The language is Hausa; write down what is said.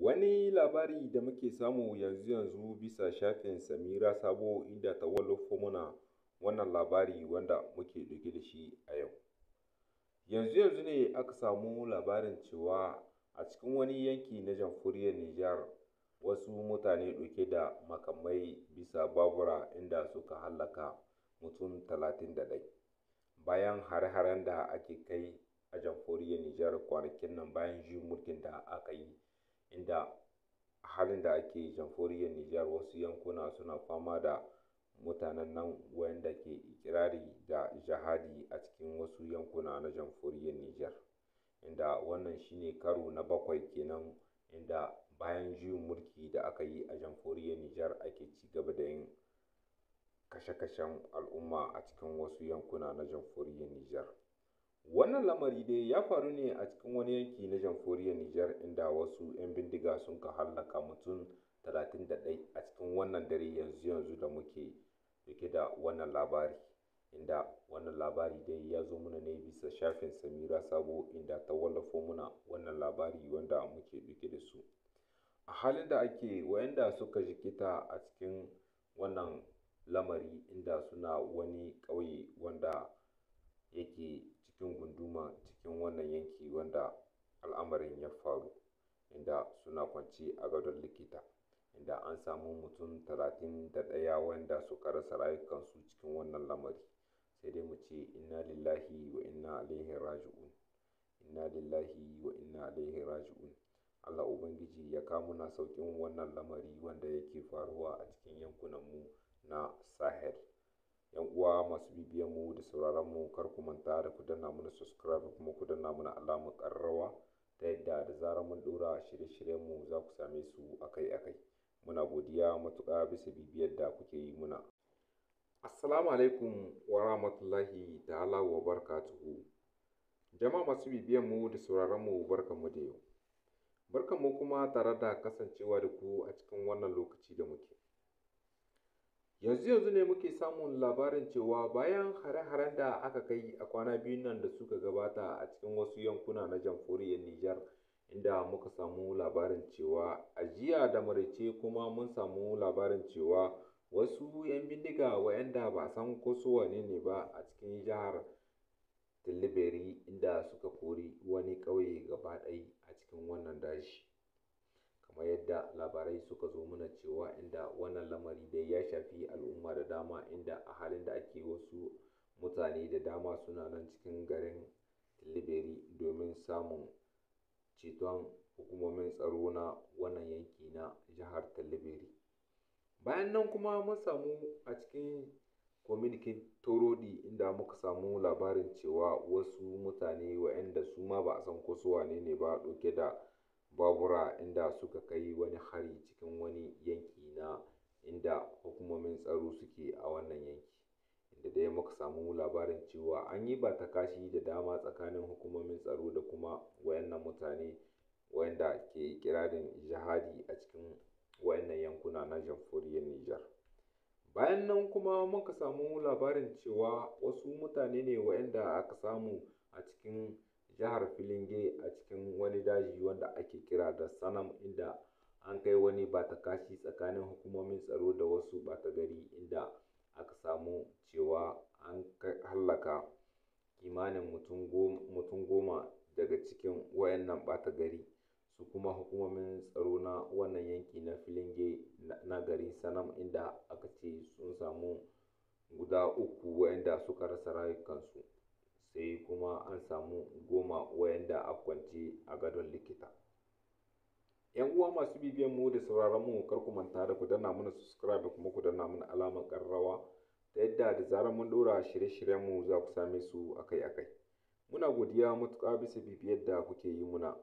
Wani labari da muke samu yanzu-yanzu bisa shafin Samira Sabo inda ta wallafo mana wannan labari wanda muke ɗauke da shi a yau. Yanzu-yanzu ne aka samu labarin cewa a cikin wani yanki na jamhuriyar Nijar wasu mutane ɗauke da makamai bisa babura inda suka hallaka mutum talatin da ɗaya bayan hare-haren da ake kai a jamhuriyar Nijar kwanakin nan bayan juyin mulkin da aka yi inda a halin da ake jamhuriyar Nijar wasu yankuna suna fama da mutanen nan wanda ke ikirari da jihadi a cikin wasu yankuna na jamhuriyar Nijar. Inda wannan shine ne karo na bakwai kenan inda bayan juyin mulki da aka yi a jamhuriyar Nijar ake ci gaba da yin kashe-kashen al'umma a cikin wasu yankuna na jamhuriyar Nijar. Wannan lamari dai ya faru ne a cikin wani yanki na jamhuriyar Nijar inda wasu 'yan bindiga sun ka hallaka mutum talatin 31 a cikin wannan dare yanzu yanzu da muke rike da wannan labari. Inda wannan labari dai ya zo muna ne bisa shafin Samira Sabo inda ta wallafo mana wannan labari wanda muke rike da su. A halin da ake wayanda suka jikita a cikin wannan lamari inda suna wani ƙauye wanda cikin wannan yanki wanda al'amarin ya faru inda suna kwance a gadon likita inda an samu mutum talatin da ɗaya wanda suka rasa rayukansu cikin wannan lamari sai dai mu ce inna lillahi wa inna alaihi raji'un inna lillahi wa inna alaihi raji'un Allah Ubangiji ya kawo muna sauƙin wannan lamari wanda yake faruwa a cikin yankunan mu na sahel yan uwa masu bibiyan mu da sauraron mu kar ku manta da ku danna mana subscribe kuma ku danna mana alamar karrawa ta yadda da zarar mun dora shirye-shiryen mu za ku same su akai-akai muna godiya matuƙa bisa bibiyar da kuke yi muna assalamu alaikum wa rahmatullahi ta'ala wa barakatuhu jama'a masu bibiyan mu da sauraron mu barkan mu da yau barkan mu kuma tare da kasancewa da ku a cikin wannan lokaci da muke yanzu yanzu ne muke samun labarin cewa bayan hare-haren da aka kai a kwana biyun nan da suka gabata a cikin wasu yankuna na jamhuriyar Nijar inda muka samu labarin cewa a jiya da maraice kuma mun samu labarin cewa wasu 'yan bindiga wayanda ba a san ko su wane ne ba a cikin jihar Tilibiri inda suka kori wani ƙauye gaba ɗaya a cikin wannan daji. kamar yadda labarai suka zo mana cewa inda wannan lamari dai ya shafi al'umma da dama inda a halin da ake wasu mutane da dama suna nan cikin garin tilibiri domin samun ceton hukumomin tsaro na wannan yanki na jihar tilibiri bayan nan kuma mun samu a cikin communique torodi inda muka samu labarin cewa wasu mutane waɗanda su ma ba a san ko su wane ne ba ɗauke da babura inda suka kai wani hari cikin wani yanki na inda hukumomin tsaro suke a wannan yanki da dai muka samu labarin cewa an yi ba ta kashi da dama tsakanin hukumomin tsaro da kuma wayannan mutane wayanda ke kirarin jihadi a cikin wayannan yankuna na jamhuriyar Nijar. Bayan nan kuma muka samu labarin cewa wasu mutane ne wayanda aka samu a cikin jihar Filinge a cikin wani daji wanda ake kira da Sanam inda an kai wani batakashi tsakanin hukumomin tsaro da wasu ɓata-gari inda aka samu cewa an hallaka kimanin mutum goma daga cikin waɗannan ɓata-gari, su kuma hukumomin tsaro na wannan yanki na Filinge na gari Sanam inda aka ce sun samu guda uku wayanda suka rasa rayukansu. sai kuma an samu goma wayanda a kwance a gadon likita yan uwa masu bibiyan mu da sauraron mu kar ku manta da ku danna mana subscribe da kuma ku danna mana alamar ƙararrawa ta yadda da zarar mun ɗora shirye-shiryen mu za ku same su akai-akai muna godiya matuƙa bisa bibiyar da kuke yi muna